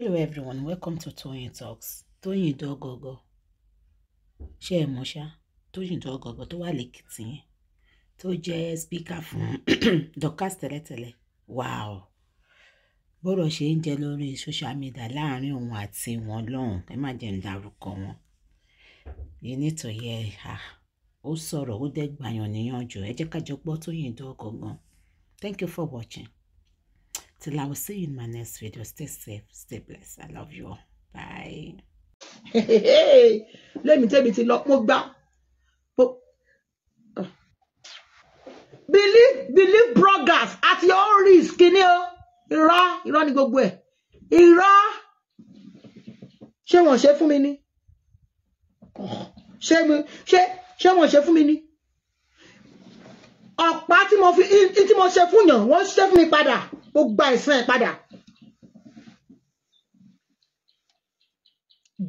Hello everyone, welcome to Toyin Talks. Toyin Dọ́gọ̀gọ̀. Ṣé ẹ mọ̀ ṣá? Toyeen Dọ́gọ̀gọ̀ tó wà lẹ́kìtì yẹn. Tó jẹ́ spíkà fún Dorkas tẹ́lẹ̀tẹ́lẹ̀. Wow! Bọ́rọ̀ ṣe ń jẹ lórí social media láàárín òun àti wọn lọ́hùn. Ẹ má jẹ́ ń dárúkọ wọn. Yìí nítorí ẹ̀ ha. Ó sọ̀rọ̀ ó dẹ́gbàyàn níyànjú. Ẹ jẹ́ ká jọ gbọ́ Toyeen Dọ́gọ̀gọ̀. Thank you for watching. Till I will see you in my next video. Stay safe, stay blessed. I love you all. Bye. Hey, let me tell you, look, move back. Believe, believe progress at your own risk, kí ni o. Irọ́, irọ́ ni gbogbo ẹ̀. Irọ́. Ṣé wọ́n ṣe fún mi ni? Ṣé mi, ṣé, ṣé wọ́n ṣe me, mi ni? Ọ̀pá tí mo fi, tí mo ṣe fún yàn, wọ́n ṣe fún mi padà mo gba ẹ̀san ẹ̀ padà.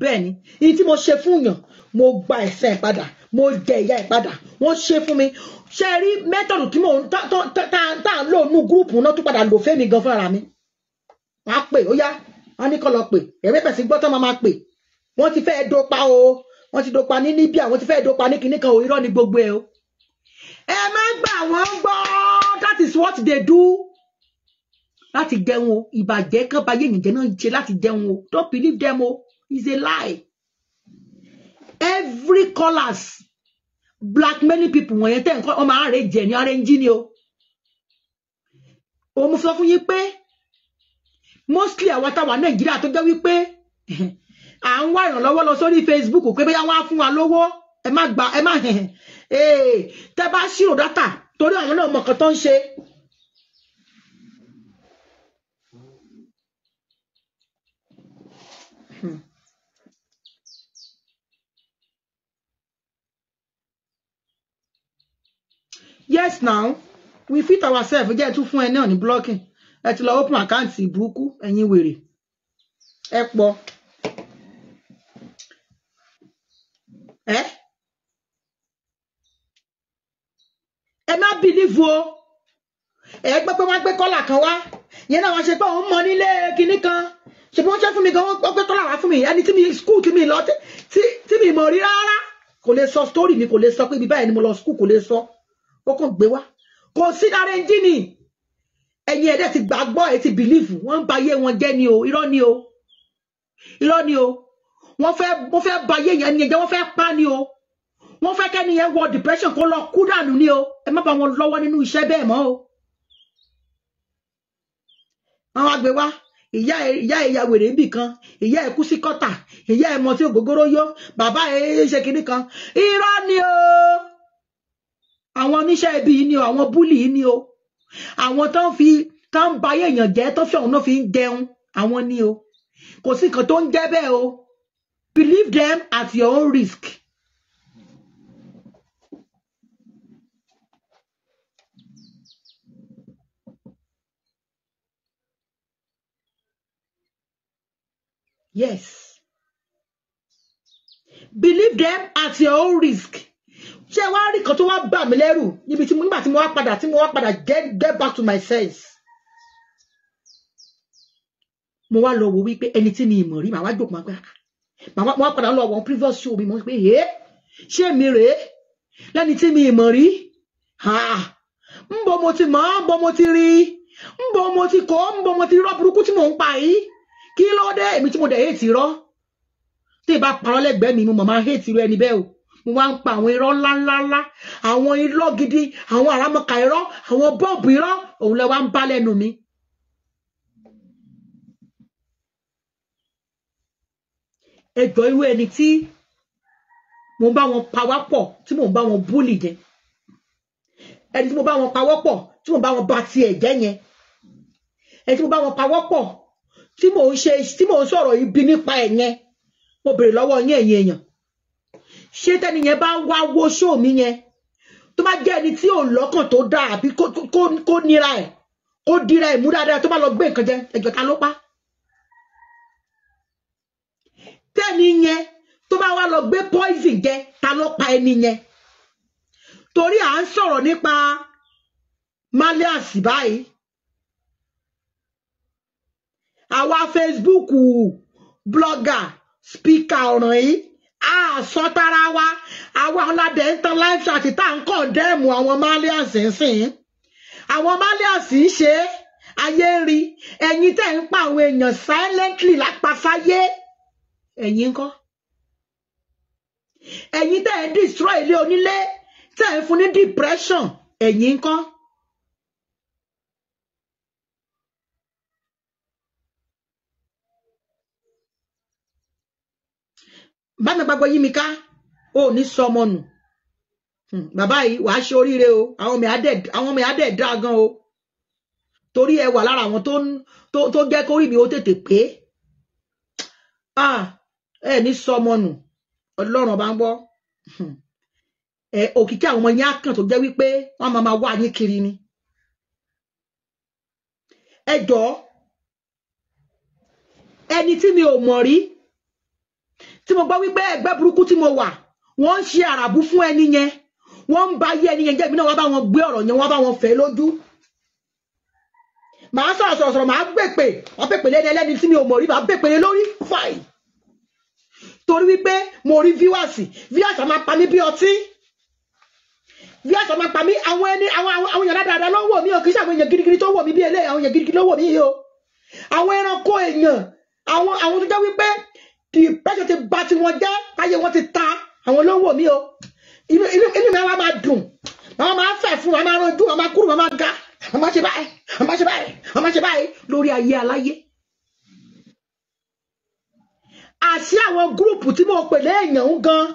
bẹ́ẹ̀ ni iye tí mo ṣe fún yàn mo gba ẹ̀san ẹ̀ padà mo jẹ ìyà ẹ̀ padà wọ́n ṣe fún mi ṣe rí mẹ́tọ̀dù tí mò ń tá à ń lò nú gúrùpù náà tó padà lò fẹ́mi gan fúnra mi wọ́n á pè ó yá wọ́n ní kọ́ lọ pè ẹ̀mí pẹ̀sì gbọ́tọ́ máa máa pè wọ́n ti fẹ́ẹ́ dopa o wọ́n ti dopa ní Libya wọ́n ti fẹ́ẹ́ dopa ní kinní kan o irọ́ ni gbogbo ẹ o ẹ má gbà wọ́n gbọ́ that is what they do láti jẹun o ìbàjẹ́ kan bá yéèyàn jẹ náà ń ṣe láti jẹun o don't believe them o it's a lie every colours black many people wọ̀nyẹn tẹ̀ ń kọ́ ọmọ àárẹ̀ jẹ̀ ní àárẹ̀ ń jí ni o òun sọ fún yín pé mostly àwa táwa nàìjíríà tó jẹ́ wípé à ń wá ìrànlọ́wọ́ lọ sórí facebook pé bóyá wọ́n á fún wa lówó ẹ má gba ẹ má tẹ́ bá ṣírò dátà torí àwọn náà kan tó ń ṣe Mm-hmm. Yes now we fit ourselves jẹ́ to fún ẹ náà blocking ẹ ti lọ open account ìbúrúkú ẹ̀yin wèrè ẹ pọ̀ ẹ ẹ má bìlífù o ẹ gbọ́ pé wọ́n gbé kọ́là kan wá yẹn náà wọ́n ṣe pé òun mọ nílé kinní kan ṣe bí wọ́n ṣe fún mi gan wọ́n pẹ́ tọ́lá wá fún mi ẹni tí mi skul tí mi lọ tí mi mọ̀ rí rárá kò lè sọ story mi kò lè sọ pé ibi báyìí ni mo lọ skul kò lè sọ ó kàn gbé wá kò sí dára ẹni jìnnì ẹ̀yin ẹ̀dẹ́ ti gbàgbọ́ ẹ̀ ti bìlífù wọ́n ń bayé wọn jẹ́ ni o irọ́ ni o irọ́ ni o wọ́n fẹ́ wọ́n fẹ́ bayé yẹn ni ẹ̀jẹ̀ wọ́n fẹ́ pa ni o wọ́n fẹ́ kẹ́ni yẹn wọ depression kó lọ kú dànù ni o ẹ má bá wọn lọ́wọ́ nínú iṣẹ́ bẹ́ẹ̀ mọ́ o. àwọn àgbẹ̀ wa ìyá ìyá ìyá wèrè ń bì kan ìyá ẹ̀kú sí kọ́tà ìyá ẹ̀mọ tí ògógóró yó bàbá ẹ̀ ṣe kinní kan irọ́ ni o àwọn oníṣẹ́ ibi ni o àwọn búlì ni o àwọn tó ń fi tó ń ba èèyàn jẹ́ tó fi ọ̀hún náà fi ń jẹun àwọn ni o kò sí nǹkan tó ń jẹ́ bẹ́ẹ̀ o believe them at your own risk. yes believe them at your own risk ṣé wá rí kan tó wá bà mí lẹ́rù níbi tí mo nígbà tí mo wá padà tí mo wá padà get get back to my sense mo wá lọ wo wípé ẹni tí mi ìmọ̀ rí màá wá jókòó máa gbà màá wá padà lọ wọn previous show mi mo pé ẹ ṣé mi rèé lẹ́ni tí mi ìmọ̀ rí ń bọ̀ mo ti mọ̀ ń mo ti rí ń mo ti kọ́ ń mo ti rí rọ́bùrúkú tí mò ń pa yìí kí ló dé èmi tí mo dẹ̀ hate irọ́ tí ì bá parọ́ lẹ́gbẹ̀ẹ́ mi mo mọ̀ máa hate irọ́ ẹni bẹ́ẹ̀ o mo máa ń pa àwọn irọ́ ńláńláńlá àwọn irọ́ gidi àwọn àràmọ̀kà irọ́ àwọn bọ́ọ̀bù irọ́ òun lẹ wá ń bá lẹ́nu mi. ẹjọ́ irú ẹni tí mo bá wọn pawọ́pọ̀ tí mo bá wọn búlì jẹ ẹni tí mo bá wọn pawọ́pọ̀ tí mo bá wọn bà tiẹ̀ jẹ́ yẹn ẹni tí mo bá wọn pawọ́pọ̀ tí mò ń ṣe tí mò ń sọ̀rọ̀ ibi nípa ẹ̀ yẹn mo bèrè lọ́wọ́ yín ẹ̀yin èèyàn ṣé tẹ́ni yẹn bá ń wá wó ṣó mi yẹn tó bá jẹ́ ẹni tí ò lọ́kàn tó dáa àbí kó nira ẹ̀ kó dira ẹ̀ mú dáadáa tó bá lọ gbé nǹkan jẹ ẹ̀jọ̀ ta ló pa tẹ́ni yẹn tó bá wá lọ gbé poison jẹ ta ló pa ẹni yẹn torí à ń sọ̀rọ̀ nípa malias báyìí Awa Facebook blogger speaker ọ̀ràn yìí àsọ tara wa àwa ọ̀làdẹ̀ ń tan live chat tá à ń kọ̀ dẹ́ẹ̀mù àwọn malians sìn àwọn malians ń ṣe ayé ń rí ẹ̀yin tẹ̀ ń pa àwọn èèyàn silently lápasáyé ẹ̀yin ń kọ́ ẹ̀yin tẹ̀ ń destroy ilé onílé tẹ̀ ń fún ní depression ẹ̀yin ń bá mi papọ̀ yí mi ká ó ní sọmọ nù hmm, bàbá yìí wàá ṣe oríire o àwọn ọmọ ìyá dẹ̀ dá gan o torí ẹ wà lára àwọn tó jẹ́ kórì mi ó tètè pé ẹ ní sọmọ nù ọlọ́run ọba ń gbọ́ hmm. ẹ òkìkí àwọn ọmọ yín á kàn tó jẹ́ wípé wọ́n máa máa wá yín kiri ni ẹ jọ̀ọ́ ẹni tí mi ò mọ̀ rí tí mo gbọ́ wípé ẹgbẹ́ burúkú tí mo wà wọ́n ń ṣe àràbù fún ẹni yẹn wọ́n ń ba ayé ẹni yẹn jẹ́ ìbínú wọn bá wọn gbé ọ̀rọ̀ yẹn wọ́n bá wọn fẹ́ lójú màá sọ̀rọ̀ sọ̀rọ̀ sọ̀rọ̀ màá gbèpè wọ́n pèpè lẹ́ni ẹlẹ́ni tí mi ò mọ̀ rí màá gbèpè lórí fàì torí wípé mo rí fíwàsì fíwàsì máa pa mí bí ọtí fíwàsì máa pa mí àwọn ẹni àwọn àwọn èèyàn dáadáa ló wò mí o kì í ṣe àwọn èèyàn gidigidi tó wò mí bí eléyìí àwọn èèyàn gidigidi ló wò mí o àwọn ẹranko èèyàn àwọn àwọn tó jẹ́ wípé depression ti bà ti wọn jẹ́ táyé wọn ti ta àwọn olówó mi o inú inú mi wá máa dùn màá máa fẹ̀ fún màá máa rojú màá máa kúrò màá máa ga màá máa ṣe báyìí màá máa ṣe báyìí màá máa ṣe báyìí lórí ayé aláyé àti àwọn gúrùpù tí mò ń pèlè èèyàn ń gan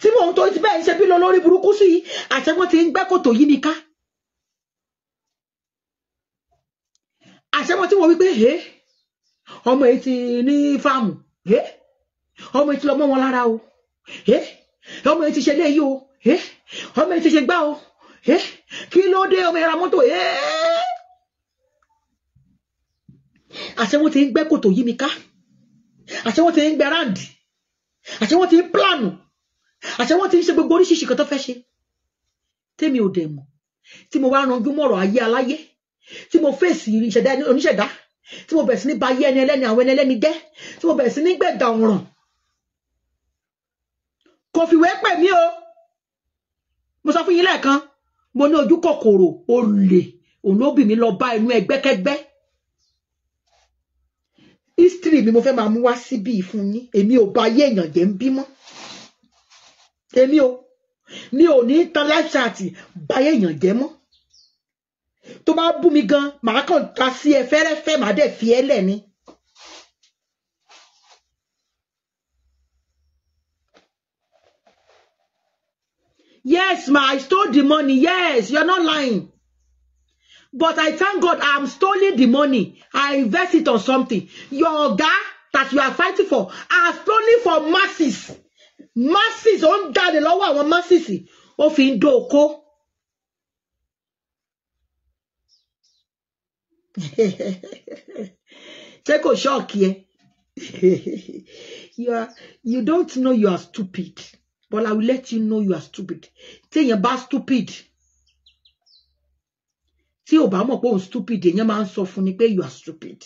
tí mò ń torí ti bẹ́ẹ̀ ń ṣe bí lọ lórí burúkú sí i àti wọn ti ń gbẹ́ kòtò yí ni ká àti wọn tí wọn wí pé ọmọ èyí ti ní fáàmù ọmọ yìí ti lọ mọ́ wọn lára o ọmọ yìí ti ṣe léyìí o ọmọ yìí ti ṣe gbá o kí ló dé ọmọ yẹn ra mọ́tò àṣẹ wọn ti ń gbẹ́ kòtò yí mi ká àṣẹ wọn ti ń gbẹ ráǹdì àṣẹ wọn ti ń plánù àṣẹ wọn ti ń ṣe gbogbo oríṣiríṣi kan tó fẹ́ ṣe tèmi ò dẹ̀ mọ̀ tí mo wá ranjú mọ̀rọ̀ ayé aláyé tí mo fèsì ìṣẹ̀dá oníṣẹ̀dá tí mo bẹ̀rẹ̀ sí ní ba ayé ẹni ẹlẹ́ni àwọn ẹni ẹlẹ́ni jẹ́ tí mo bẹ̀rẹ̀ sí ní gbẹ̀dà ọ̀ràn kò fìwé pè mí o mo sọ fún yín lẹ́ẹ̀kan mo ní ojú kòkòrò olè òun ló bì mí lọ bá inú ẹgbẹ́kẹ́gbẹ́ history mi mo fẹ́ máa mú wá síbí fún yín èmi ò bá ayé èèyàn jẹ́ ń bímọ èmi o mi ò ní tan life chart báyé èèyàn jẹ́ mọ́ tó bá bú mi gan màá kàn ta sí ẹ fẹ́rẹ́fẹ́ màá dẹ̀ fi ẹ́ lẹ̀ ni Yes, ma, I stole the money. Yes, you're not lying. But I thank God I'm stealing the money. I invest it on something. Your guy that you are fighting for are stolen for masses. Masses ó ń jáde lọ́wọ́ àwọn masses of indoko. Take a Ṣé kò ṣọ́ọ̀kì ẹ? You don't know you are stupid but I will let you know you are stupid téèyàn bá stupid tí Obama bá stupid èèyàn your man sọ fún ni you are stupid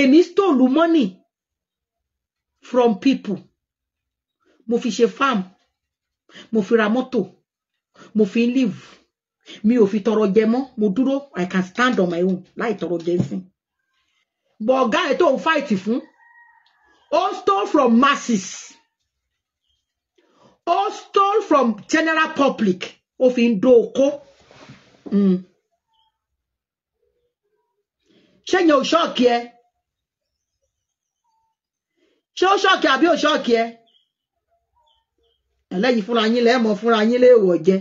èmi stole money from people mo fi ṣe farm mo fi ra mọ́tò mo fi ń live Me, ò fi tọrọ jẹ I can stand on my own láì tọrọ jẹ sí but ọ̀gá ẹ̀ tó ń fight fún stole from masses ó stole from general public ó fi ń dó okó hmm. ṣé yẹn ò ṣọ́ọ̀kì ẹ ṣé ó ṣọ́ọ̀kì àbí ò ṣọ́ọ̀kì ẹ ẹlẹ́yìí fúnra yín lẹ́ẹ̀mọ́ fúnra yín léèwọ̀ jẹ́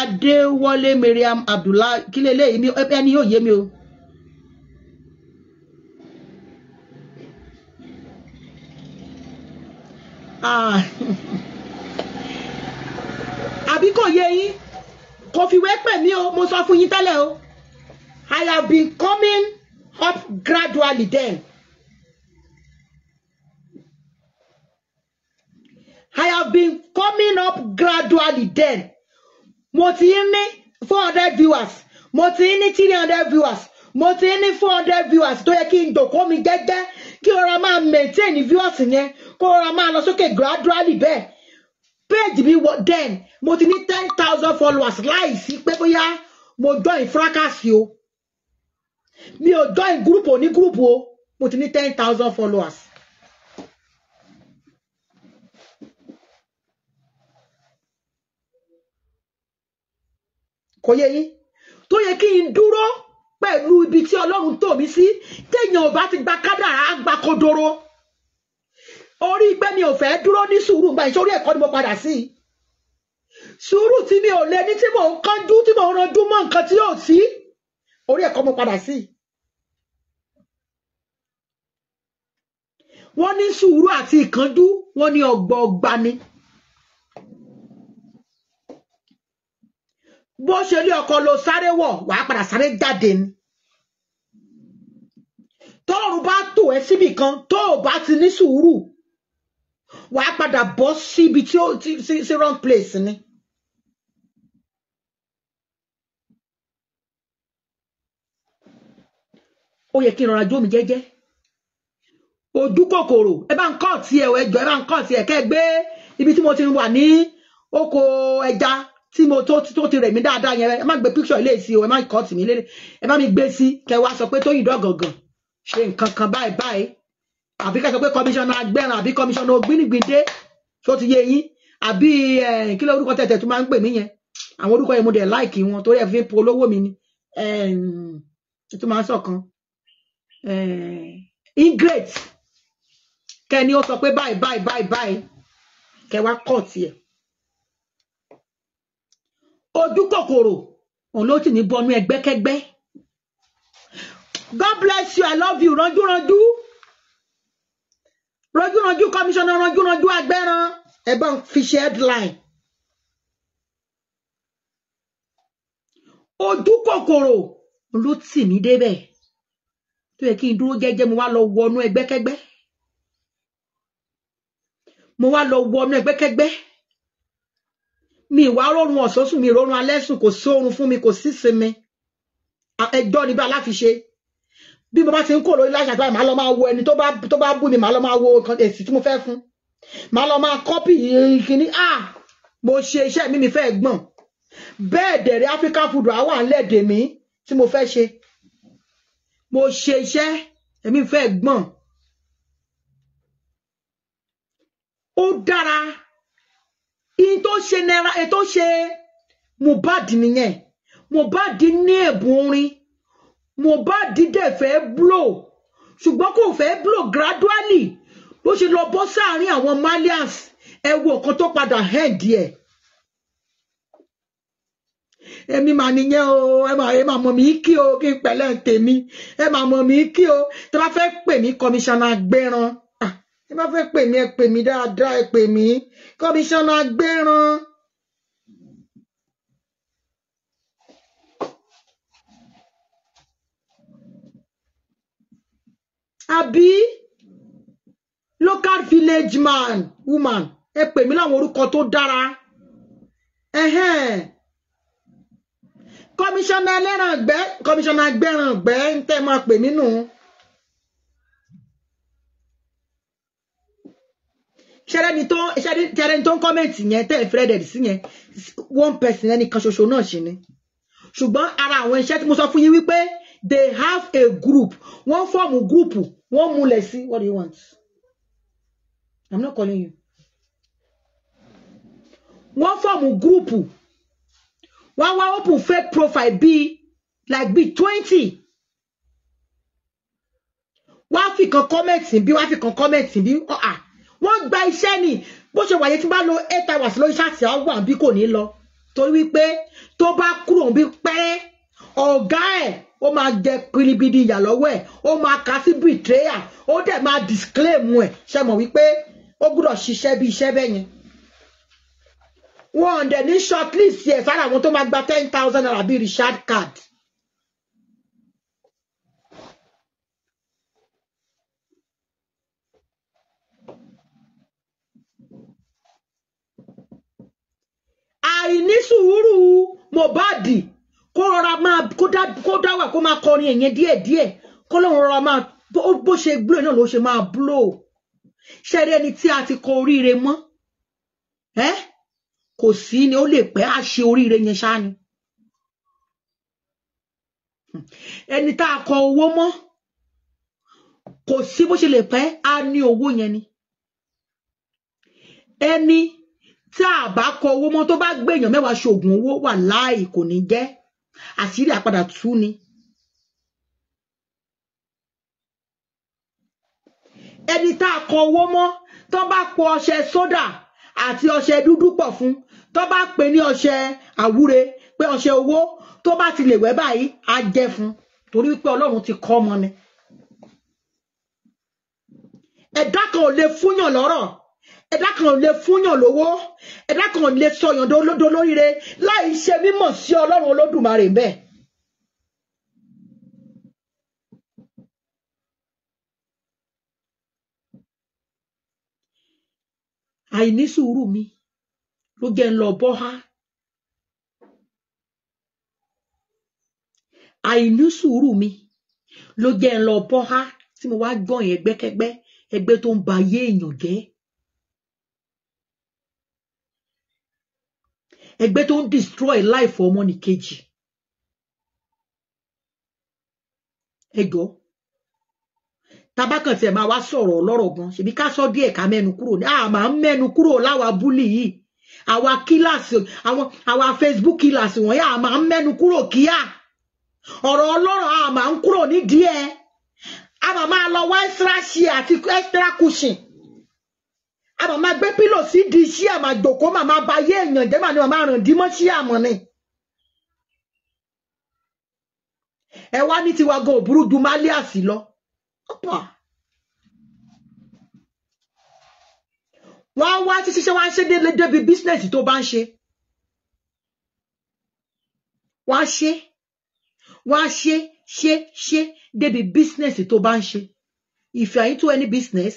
Adéwọlé Mariam Abdullahi kí leléyìí mi ẹni yóò yé mi o. Ah. àbí kò yé yín kò fìwé pè mí o mo sọ fún yín tẹ́lẹ̀ o I have been coming up gradually then I have been coming up gradually then mo ti ń ní four hundred viewers mo ti ń ní three hundred viewers mo ti ń ní four hundred viewers tó yẹ kí n dòkó mi gẹ́gẹ́ kí ọ̀rọ̀ máa maintain viewers yẹn kó ọ̀rọ̀ máa lọ sókè gradually bẹ́ẹ̀ page mi wọ then mo ti ní ten thousand followers láìsí pé bóyá mo join fracas o mi ò join group o ní group o mo ti ní ten thousand followers kò yẹ yín tó yẹ kí n dúró pẹ̀lú ibi tí ọlọ́run tò mí sí téèyàn ò bá ti gba kádàrá gba kodoro orí pé mi ò fẹ́ dúró ní sùúrù gba ìṣòro ẹ̀kọ́ ni mo padà sí i sùúrù tí mi ò lè ní tí mò ń kánjú tí mò ń ranjú mọ́ nǹkan tí ò sí orí ẹ̀kọ́ mo padà sí i. wọ́n ní sùúrù àti ìkánjú wọ́n ní ọgbọ́n ọgbani. bó ṣe lé ọkọ ló sáré wọ̀ wàá padà sáré jáde ni tọ́lọ́run bá tò ẹ́ síbì kan tó o bá ti ní sùúrù wàá padà bọ́ síbi tí ó ti sí wrong place ni. ó yẹ kí n rọra jó mi jẹ́jẹ́ ojú kòkòrò ẹ bá ń kọ́ ọ̀tí ẹ̀ ẹ̀jọ̀ ẹ bá ń kọ́ ọ̀tí ẹ̀ gbé ibi tí mo ti wà ní oko ẹja tí mo tó tó ti rẹ̀ mí dáadáa yẹn ẹ má gbé picture ilé sí o ẹ má kọ́ tì mí lé ẹ má mi gbé sí kẹ wá sọ pé Tóyìn Ìdọ́gàngàn ṣe nǹkan kan báyìí báyìí àbí ká sọ pé kọmíṣánná agbẹ́ran àbí kọmíṣánná ògbínigbìndé tó ti yé yín àbí kí ló orúkọ tẹ̀tẹ̀ tó máa ń pè mí yẹn àwọn orúkọ yẹn mo dẹ̀ láìkì wọn torí ẹ fi ń polówó mi ni tó máa ń sọ̀kan ingrate kẹ́ni ó sọ pé báyìí báyìí báyìí báyìí kẹ́ wá kọ́ọ̀tì ẹ̀ ojú kòkòrò òun ló sì ní bọnú ẹgbẹ́kẹ́gbẹ́ God bless you I love you ranjúranjú ranjúranjú kọmíṣánná ranjúranjú agbẹ́ran ẹ bá ń fi ṣe headline ojú kòkòrò òun ló tì mí débẹ̀ tó yẹ kí n dúró jẹ́jẹ́ mo wá lọ wọnú ẹgbẹ́kẹ́gbẹ́ mo wá lọ wọnú ẹgbẹ́kẹ́gbẹ́ mi ìwà rọrùn ọ̀sán sùn mi rọrùn alẹ́ sùn kò sí oorun fún mi kò sí sinmi ẹjọ́ ni bí aláfiṣe bí mo bá ti ń kó lórí láṣà báyìí màá lọ máa wo ẹni tó bá tó bá bú mi màá lọ máa wo èsì tí mo fẹ́ fún màá lọ máa kọ́pì kìíní à mo ṣe iṣẹ́ mi mi fẹ́ gbọ̀n bẹ́ẹ̀ dẹ̀rẹ̀ áfíríkà fúdù àwa ńlẹ̀dẹ̀ mi tí mo fẹ́ ṣe mo ṣe iṣẹ́ èmi fẹ́ gbọ̀n ó dára ṣe náírà ètò ṣe Mohbad nìyẹn Mohbad ní ẹ̀bùn orin Mohbad dẹ̀ fẹ́ blow ṣùgbọ́n kò fẹ́ blow gradually bó ṣe lọ bọ́ sáàárín àwọn malians ẹ wo ọ̀kan tó padà hẹ́ǹd ẹ̀ èmi mà nìyẹn o ẹ mà ẹ mà mọ̀ mí kí o kí n pẹ̀lẹ́ tèmi ẹ mà mọ̀ mí kí o tí wọ́n fẹ́ pè mí kọmíṣánná gbẹ́ran ẹ bá fẹ́ pè mí ẹ pè mí dáadáa ẹ pè mí kọmíṣánná agbẹ́ran. àbí local village man woman ẹ pè mí láwọn orúkọ tó dára kọmíṣánná ẹlẹ́ran àgbẹ̀ kọmíṣánná agbẹ́ran àgbẹ̀ ń tẹ́ máa pè mí nù. No ṣẹ́rẹ́ni tó ṣẹ́rẹ́ni tó ń kọ́mẹ̀ntì yẹn tẹ́ ẹ̀ sí yẹn one person ẹni kan ṣoṣo náà ṣì ni ṣùgbọ́n ara àwọn iṣẹ́ tí mo sọ fún yín wípé they have a group wọ́n fọ́ọ̀mù group. wọ́n múlẹ̀ sí what do you want i'm not calling you wọ́n fọ́ọ̀mù group. wọ́n wá open fake profile bíi like bíi twenty wọ́n á fi kan kọ́mẹ̀tì bí wọ́n á fi kan kọ́mẹ̀tì bí ọ̀hà. Ah, wọ́n gba iṣẹ́ ni bó ṣe wàyẹ tí bá lo eight hours lórí ṣáàtì àwọn àbí kò ní lọ torí wípé tó bá kúrò bí pẹ́rẹ́ ọ̀gá ẹ̀ ó máa jẹ pilibidi ìyà lọ́wọ́ ẹ̀ ó máa kà sí betrayal ó dẹ̀ máa disclaim ẹ̀ ṣe mọ̀ wípé ó gbúdọ̀ ṣiṣẹ́ bí iṣẹ́ bẹ́ẹ̀ yẹn wọn ò ní shortlist yẹ sára àwọn tó máa gba ten thousand naira bíi Richard card sùúrù Mohbad kó rọra máa kó dáwà kó máa kọrin ẹ̀yẹn díẹ̀díẹ̀ kó lóun rọra máa bó ṣe blow náà ló ṣe máa blow ṣẹ́rí ẹni tí a ti kọ oríire mọ́ ẹ́ kò sí ni ó lè pẹ́ á ṣe oríire yẹn ṣá ni ẹni tá a kọ owó mọ́ kò sí bó ṣe lè pẹ́ á ní owó yẹn ni ẹni tá a bá kọ owó mọ́ tó bá gbèyàn mẹ́wàá ṣoògùn owó wà láì kò ní jẹ́ àṣírí àpadà tú ni. ẹni tá a kọ owó mọ́ tó bá pò ọṣẹ sódà àti ọṣẹ dúdú pọ̀ fún tó bá pè ní ọṣẹ àwúre pé ọṣẹ owó tó bá ti lè wẹ̀ báyìí á jẹ́ fún torí pé Ọlọ́run ti kọ́ ọmọ ni. ẹ̀dá kan ò lè fúnyàn lọ́rọ̀ ẹ̀dá kan lè fúnyàn lówó ẹ̀dá kan lè sọyàn dolóríire láì ṣe mímọ̀ sí ọlọ́run olódùmarè bẹ́ẹ̀. àìní sùúrù mi ló jẹ́ ń lọ bọ́ há. àìní sùúrù mi ló jẹ́ ń lọ bọ́ há tí mo wá gbọ̀n yẹn gbẹ́kẹ́gbẹ́ ẹgbẹ́ tó ń ba ayé èèyàn jẹ́. ẹgbẹ́ tó ń destroy life ọmọ nìkejì ẹjọ́ tabakàn tiẹ̀ máa wá sọ̀rọ̀ ọlọ́rọ̀ gan ṣèbí ká sọ díẹ̀ ká mẹ́nu kúrò ní àà máa ń mẹ́nu kúrò láwa búlì yìí àwa kíláàsì àwọn àwa facebook kíláàsì wọ̀nyí àà máa ń mẹ́nu kúrò kíá ọ̀rọ̀ ọlọ́rọ̀ àà máa ń kúrò ní díẹ̀ a máa lọ wá extra ṣe àti extra cushion àmọ́ máa gbé pílò sí di sí àmà jòkó màmá ba yé èèyàn jẹ́ màá ní màmá ràn dímọ́ sí àmọ́ ni. ẹ wá ní tiwa gan òbúrú ju malias lọ. wọ́n á wá títí ṣe wá ń ṣe débi bísínẹ́sì tó bá ń ṣe. wọ́n á ṣe wọ́n á ṣe ṣe ṣe débi bísínẹ́sì tó bá ń ṣe. If you are into any business,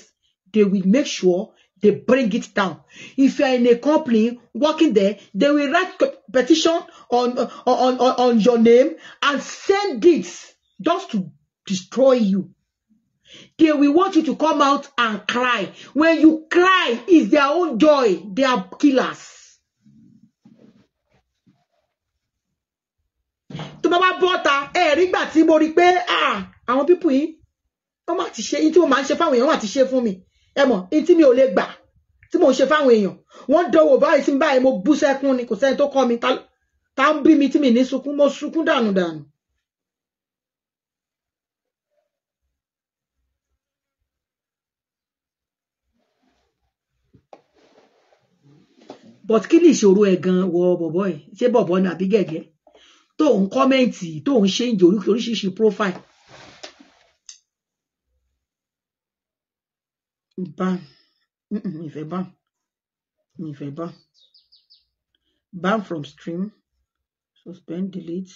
they will make sure they bring it down. If you are in a company working there, they will write petition on, on, on, on your name and send it just to destroy you. They will want you to come out and cry. When you cry, is their own joy. They are killers. tó bá bá bọ́ta ẹ rí gbà tí mo rí pé ah, àwọn pípù yìí wọ́n máa ti ṣe yín tí wọ́n máa ń ṣe fáwọn èèyàn wọ́n máa ẹ mọ̀ mi ò lè gbà tí mò ń ṣe fáwọn èèyàn wọ́n dánwò báyìí tí ń báyìí mo bú sẹ́kún ni kò sẹ́ni tó kọ́ mi tá ń bí mi tí mi ní sunkún mo sunkún dànù dànù. but kí ni ìṣòro ẹ gan wọ bọ̀bọ̀ yìí ṣé bọ̀bọ̀ ni àbí gẹ́gẹ́ tó ń kọ́mẹ́ǹtì tó ń ṣe ń oríṣiríṣi profile ban mi fẹ́ ban mi fẹ́ ban ban from stream suspend delete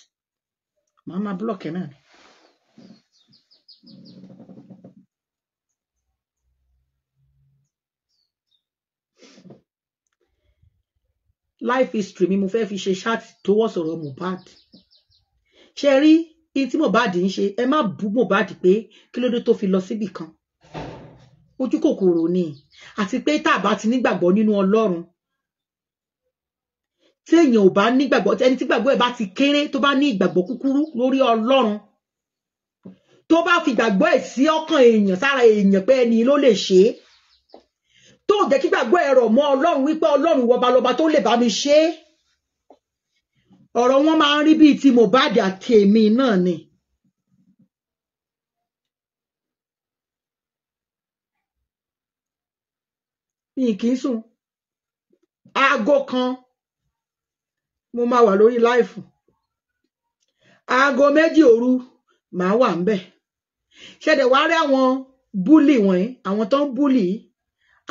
Mama máa block ẹ life history mi mo fẹ́ fi ṣe chat tó wọ́ sọ̀rọ̀ Mohbad ṣe rí iye tí Mohbad ń ṣe ẹ má bú Mohbad pé kí ló dé tó fi lọ síbì kan ojú kòkòrò ni àti pé tá a bá ti nígbàgbọ́ nínú Ọlọ́run tí èèyàn ò bá nígbàgbọ́ ẹni tí gbàgbọ́ ẹ̀ bá ti kéré tó bá ní ìgbàgbọ́ kúkúrú lórí Ọlọ́run tó bá fi gbàgbọ́ ẹ̀ sí ọkàn èèyàn sára èèyàn pé ẹni ló lè ṣe é tó jẹ́ kí gbàgbọ́ ẹ̀ rọ̀ mọ́ Ọlọ́run wípé Ọlọ́run wọba lọba tó lè bá mi ṣe é ọ̀rọ̀ wọn máa ń rí bíi ti Mohbad àti èmi náà ni. mi kì í sùn aago kan mo máa wà lórí láìfù aago méjì òru màá wà ńbẹ̀ ṣẹ̀dẹ̀ wá rí àwọn búlì wọ̀nyí àwọn tó ń búlì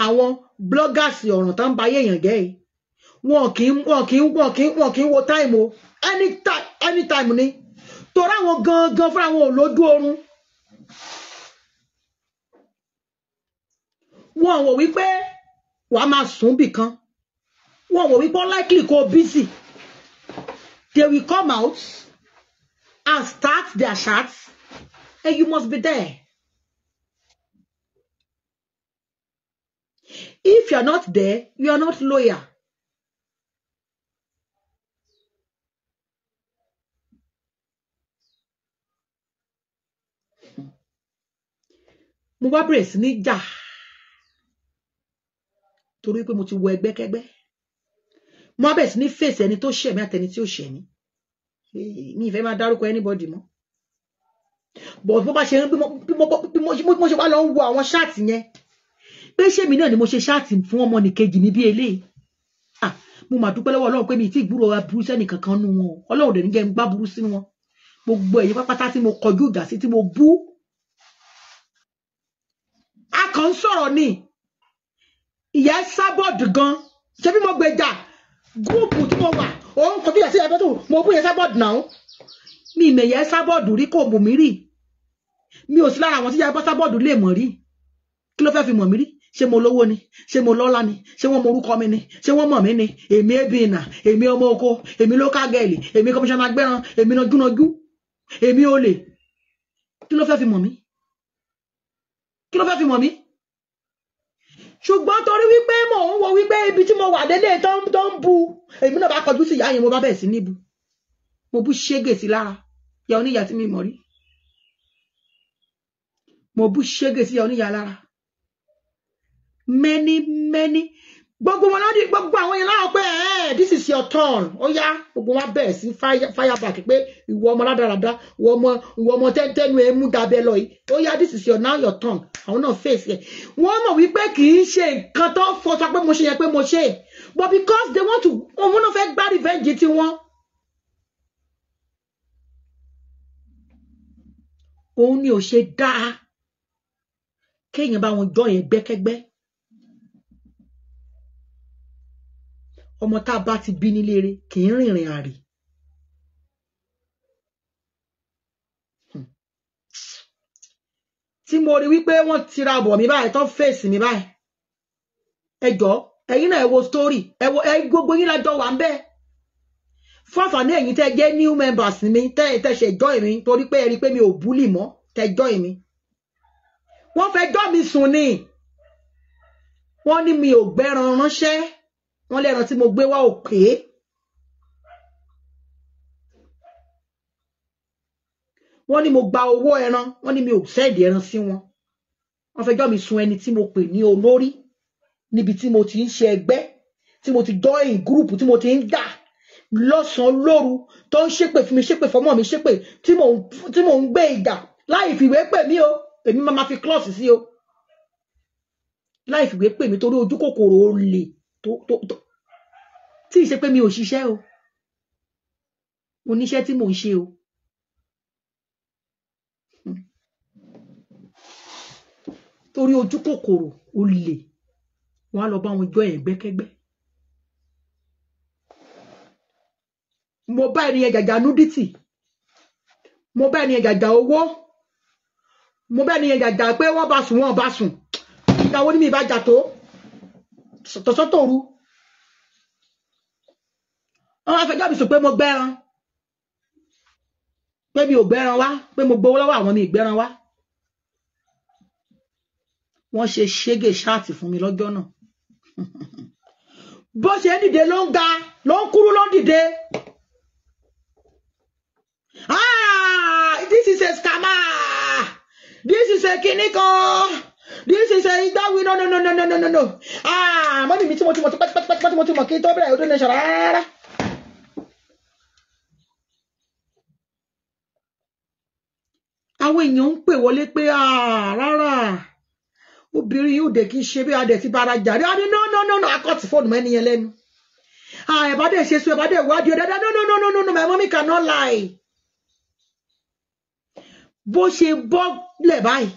àwọn blọ́gàsì ọ̀ràn tó ń ba yéèyàn gẹ́ yìí wọn kì í wọn kì í wọn kì í wọn kì í wo táìmù o anytime ni torí àwọn gangan fúnra wọn ò oorun wọn wò wípé wàá máa sùn bì kan wọn wò wípé likely kó busy they will come out and start their chats and you must be there. If you are not there, you are not lawyer. mo wá bẹ̀rẹ̀ sí ní jà. Ja torí pé mo ti wọ ẹgbẹ́kẹ́gbẹ́ mo bẹ̀ sí ní fèsì ẹni tó ṣẹ̀mí àtẹni tí ò ṣẹ̀mí mi ìfẹ́ máa dárúkọ anybody mọ́ bọ̀ bó bá ṣe ń bí mo ṣe wá lọ ń wo àwọn ṣáàtì yẹn pé ṣèmi náà ni mo ṣe ṣáàtì fún ọmọ nìkejì ní bí eléyìí mo mà dúpẹ́ lọ́wọ́ ọlọ́run pé mi ti ìgbúrò wa burú sẹ́nì kankan nu wọn ọlọ́run dẹ̀ ní jẹ́ ń gbá burú sí wọn gbogbo ẹ̀yin pápátá tí mo kọjú ìjà sí tí mo bú a kàn ń sọ̀rọ̀ ni ìyá sábọ̀dù gan ṣé bí mo gbèjà gúrùpù tí mo wà òun kò fìyà sí ẹgbẹ́ tó mo bú ìyá sábọ̀dù náà mi ìmọ̀ ìyá sábọ̀dù rí kò mọ̀ mí rí mi ò sí lára àwọn tí ìyá sábọ̀dù lè mọ̀ rí kí ló fẹ́ fi mọ̀ mí rí ṣé mo lówó ni ṣé mo lọ́lá ni ṣé wọ́n mọ orúkọ mi ni ṣé wọ́n mọ̀ mí ni èmi ebìnà èmi ọmọ oko èmi local girl èmi kọmíṣánná gbẹ́ran èmi nagúnagú èmi olè kí ló fẹ́ fi mọ̀ mí kí ló fẹ́ fi mọ̀ mí ṣùgbọ́n torí wípé mò ń wo wípé ibi tí mo wà délé tó ń tó ń bu èmi náà bá kọjú sí ìyá yẹn mo bá bẹ̀rẹ̀ sí ní bu mo bú ṣégè sí lára ìyá oníyà tí mi mọ̀ rí mo bú ṣégè sí ìyá oníyà lára many many gbogbo wọn náà gbogbo àwọn yẹn láwọn pé ẹ eh, this is your turn ó yá gbogbo wọn bẹ̀rẹ̀ sí fire back pé ìwọ ọmọ ládàradà ìwọ ọmọ ìwọ ọmọ tẹ́ntẹ́nu ẹ mú dabẹ lọ yìí ó yá this is your now your turn àwọn náà face ẹ wọn mọ̀ wípé kì í ṣe nǹkan tó fọta pé mo ṣe yẹn pé mo ṣe but because they want to òun náà fẹ́ gba revenge tiwọn. òun ni ò ṣe dáa kéèyàn bá wọn jọ yẹn gbẹ́kẹ́gbẹ́. ọmọ tá a bá ti bí nílé rẹ̀ kì í rìnrìn àrè hmm. tí mo rí wípé wọ́n tira bọ̀ mi báyìí tán fèsì mi báyìí ẹ jọ̀ọ́ ẹ̀yin náà ẹ wo story ẹ wo ẹ gbogbo yín lájọ wà ń bẹ fún àǹfààní ẹ̀yin tẹ́ jẹ́ new members mi tẹ́ ẹ tẹsẹ join mi torí pé ẹ rí i pé mi ò búlì mọ́ tẹ́ join mi wọ́n fẹ́ jọ mi sùn ni wọ́n ní mi ò gbẹ́ran ránṣẹ́ wọ́n lẹ́ran tí mo gbé wá òkè wọ́n ní mo gba owó ẹran wọ́n ní mi ò sẹ́ẹ̀dì ẹran sí wọn wọ́n fẹjọ́ mi sun ẹni tí mo pè ní olórí níbi tí mo ti ń ṣe ẹgbẹ́ tí mo ti join group tí mo ti ń dà lọ́sàn-án lóru tó ń ṣépè fún mi ṣépè fọmọ mi ṣépè tí mò ń gbé ìjà láì fìwé pè mí o èmi máa ma fi klọ́ọ̀sì sí o láì fìwé pè mí torí ojú kòkòrò olè tó tó tí ì ṣe pé mi ò ṣiṣẹ́ o mo níṣẹ́ tí mò ń ṣe o. Hmm. torí ojú kòkòrò olè wọn á lọ bá wọn jọ ẹgbẹ́kẹ́gbẹ́. mo bá ènìyàn jàjà nudity mo bá ènìyàn jàjà owó mo bá ènìyàn jàjà pé wọ́n bá sùn wọ́n bá sùn ìgbà ni mi bá jà tó tọ̀sán tòru wọ́n wá fẹjọ́ mi sùn pé mo gbẹ́ran pé mi ò gbẹ́ran wá pé mo gbowó lọ́wọ́ àwọn mi ìgbẹ́ran wá wọ́n ṣe ṣége ṣáàtì fún mi lọ́jọ́ náà bó ṣe dìde ló ń ga ló ń kúrú ló ń dìde ah this is a scammer this is a kinikan this is a that we no no no no no no no ah mọ́nì mi tí mo ti mọ̀ tí pátápátá tí mo ti mọ̀ kí tó bẹ̀rẹ̀ ọdún nation rárá. àwọn èèyàn ń pè wọlé pé rárá obìnrin yóò dé kí n ṣe bí adẹ̀ ti bára jàre á ní no no no no akọ́tì fóònù mẹ́ni yẹn lẹ́nu ẹ̀bá dẹ̀ ṣe sùn ẹ̀bá dẹ̀ wádìí ọ̀dẹ́dẹ́ no no no no no no my mommy cannot lie bó ṣe bọ́ lẹ̀ báyìí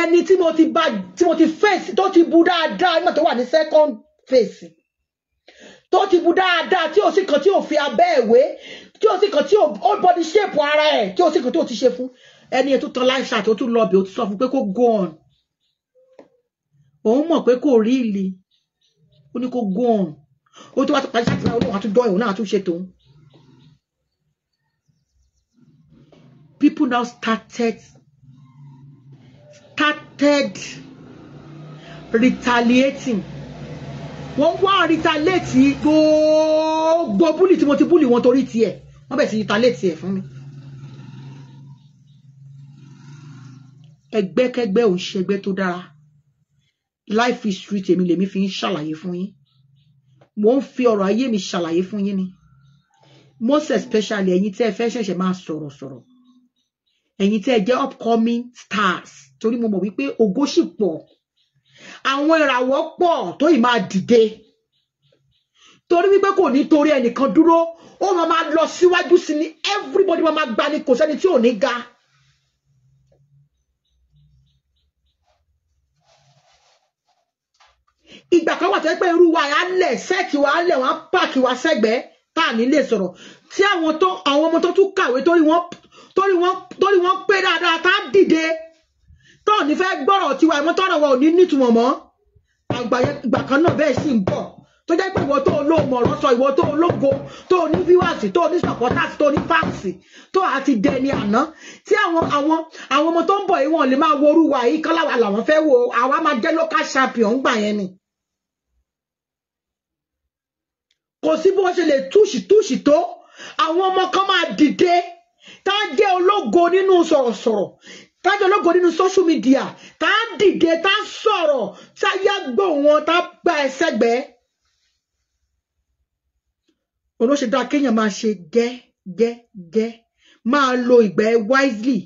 ẹni tí mo ti fèsì tó ti bu dáadáa nígbà tó wà ní second fèsì tó ti bu dáadáa tí o sì kan tí o fi abẹ́ ìwé tí o sì kan tí o old body ara ẹ̀ tí o sì kan tí o ti ṣe fún ẹni ẹ̀ tó láìsà tó tún lọ bẹ̀ ó ti sọ fún pé kó go on òun mọ̀ pé kò rí ìlì ó ní kó go on ó tó wá tó pàṣẹ àtìláwọ náà àtúndọ́ ìwọ̀n náà àtúnṣe tòun. People now started started retaliating wọ́n wá retaliate gbogbo búlì tí mo ti búlì wọn torí tiẹ̀ wọ́n bẹ̀ sí retaliate ẹ̀ fún mi. ẹgbẹ́kẹ́gbẹ́ ò ń ṣẹgbẹ́ tó dára life history tèmi lèmi fi ń ṣàlàyé fún yín mo ń fi ọ̀rọ̀ ayé mi ṣàlàyé fún yín ni most especially ẹ̀yin tẹ́ ẹ fẹ́ ṣẹ̀ṣẹ̀ máa sọ̀rọ̀ sọ̀rọ̀ ẹ̀yin tí ẹ jẹ́ upcoming stars torí mo mọ̀ wípé ògo sì pọ̀ àwọn ìràwọ̀ pọ̀ tó ì máa dìde torí wípé kò ní torí ẹnìkan dúró ó máa máa lọ síwájú sí ni everybody máa máa gba ni kò sẹ́ni tí ò ní ga. ìgbà kan wà tó yẹ pé irú wa á lẹ̀ sẹ́ẹ̀kì wa á lẹ̀ á pààkì wa sẹ́gbẹ̀ẹ́ tá à ní lè tí àwọn ọmọ tó tún kàwé torí wọ́n torí wọ́n torí wọ́n pé dáadáa tá dìde tó ní fẹ́ gbọ́rọ̀ tiwa ìmọ̀ tọ́rọ̀ wa ò ní nítumọ̀ mọ́ àgbà ìgbà kan náà bẹ́ẹ̀ sì ń bọ̀ tó jẹ́ pé ìwọ tó olóòmọ̀ ọ̀rọ̀ sọ ìwọ tó ológo tó ní fíwàsì tó ní sọ̀pọ̀tàsì tó ní fáàsì tó àti dẹni àná tí àwọn àwọn àwọn ọmọ tó ń bọ̀ yìí wọ́n lè máa worú wa yìí kán láwa làwọn fẹ́ wo àwa máa jẹ́ local champion gbà yẹn ni. kò sí bó ṣe lè túṣì túṣì tó àwọn ọmọ kan máa dìde tá a jẹ́ ológo nínú sọ̀rọ̀sọ̀rọ̀ tá a jẹ́ ológo nínú social media tá a dìde tá a sọ̀rọ̀ tá a yá gbọ́ wọn tá a gba ẹsẹ̀ gbẹ́. olóṣèdá kéèyàn máa ṣe gẹ́gẹ́gẹ́ máa lo ìgbẹ́ wisely.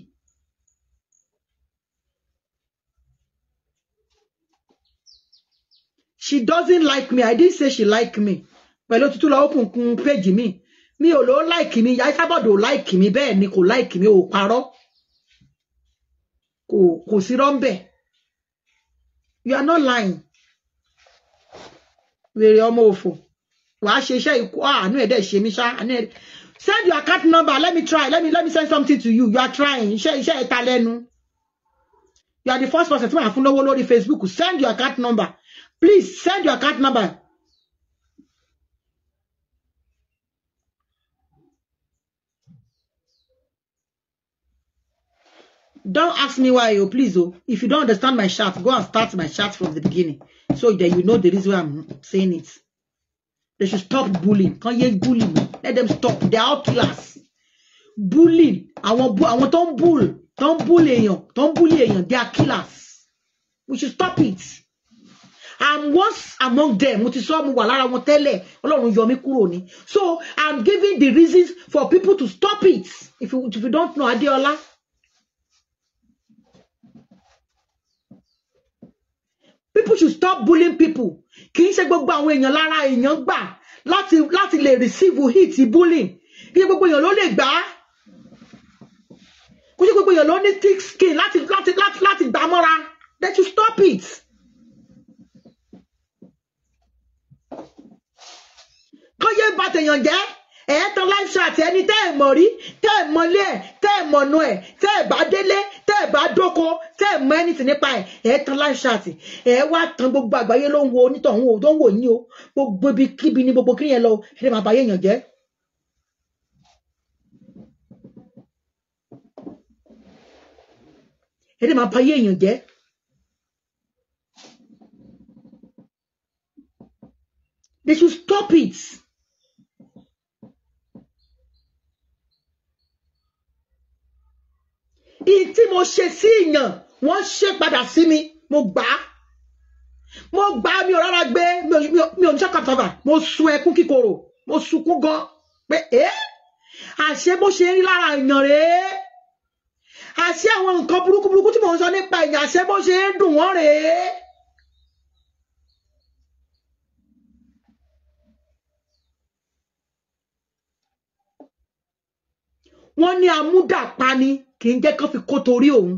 she doesn't like me i didn't say she like me pẹ̀lú tuntun la open kun page mi mi ò ló láìkì mi yáyí sábọ̀dọ̀ láìkì mi bẹ́ẹ̀ ni kò láìkì mi ò parọ́ kò kò sí rọ́ńbẹ̀ you are not lying wèrè ọmọ òfò wàá ṣe iṣẹ́ ikú ah, àánú ẹ̀dẹ̀ ṣe mí ṣá àánú ẹ̀dẹ̀ send your card number let me try let me let me send something to you you are trying iṣẹ́ iṣẹ́ ẹ̀ta lẹ́nu you are the first person to wọ́n á fún lówó lórí Facebook send your card number please send your card number don't ask me why oh please oh if you don't understand my chat go and start my chat from the beginning so that you know the reason why i'm saying it they should stop bullying Can't you bully me let them stop they are killers. bullying àwọn àwọn tó ń bull Don't ń bull èèyàn tó ń bully èèyàn they are killers we should stop it i'm once among them mo ti sọ mo wà lára wọn tẹ́lẹ̀ Ọlọ́run yọ mí kúrò ni so i'm giving the reasons for people to stop it if you if you don't know Adeola people should stop bullying people kì í ṣe gbogbo àwọn èèyàn lára èèyàn gbà láti láti lè receive hit bullying kì í ṣe gbogbo èèyàn ló lè gbà á kò ṣe gbogbo èèyàn ló ní thick skin láti láti láti láti gbà mọ́ra they should stop it. kọ́yé bàtẹ̀yàn jẹ́ ẹ tán ẹni tẹ́ ẹ̀ mọ̀ rí tẹ́ ẹ̀ mọ̀lé ẹ̀ tẹ́ ẹ̀ mọ̀nà ẹ̀ tẹ́ ẹ̀ bá délé tẹ́ ẹ̀ bá dóko tẹ́ ẹ̀ mọ ẹnìtì nípa ẹ̀ ẹ tán live wá tan gbogbo àgbáyé ló ń wo onítọ̀hún o tó ń wò yín o gbogbo ibi kíbi ni gbogbo kíyẹn lọ ẹ máa báyé èèyàn jẹ́. ẹ máa báyé èèyàn jẹ́. They should stop it. in tí mo ṣe sí èèyàn wọ́n ṣe padà sí mi mo gbà á mo gbà á mi ò rárá gbé mi ò ní ṣàkàtàkà mo sun ẹkún kíkorò mo sunkún gan pé ẹ àṣé bó ṣe rí lára èèyàn rèé àṣé àwọn nǹkan burúkú burúkú tí mò ń sọ nípa èèyàn àṣé bó ṣe ń dùn wọ́n rèé. wọ́n ní amúdàpá ni kì í jẹ́ kán fi kó torí òun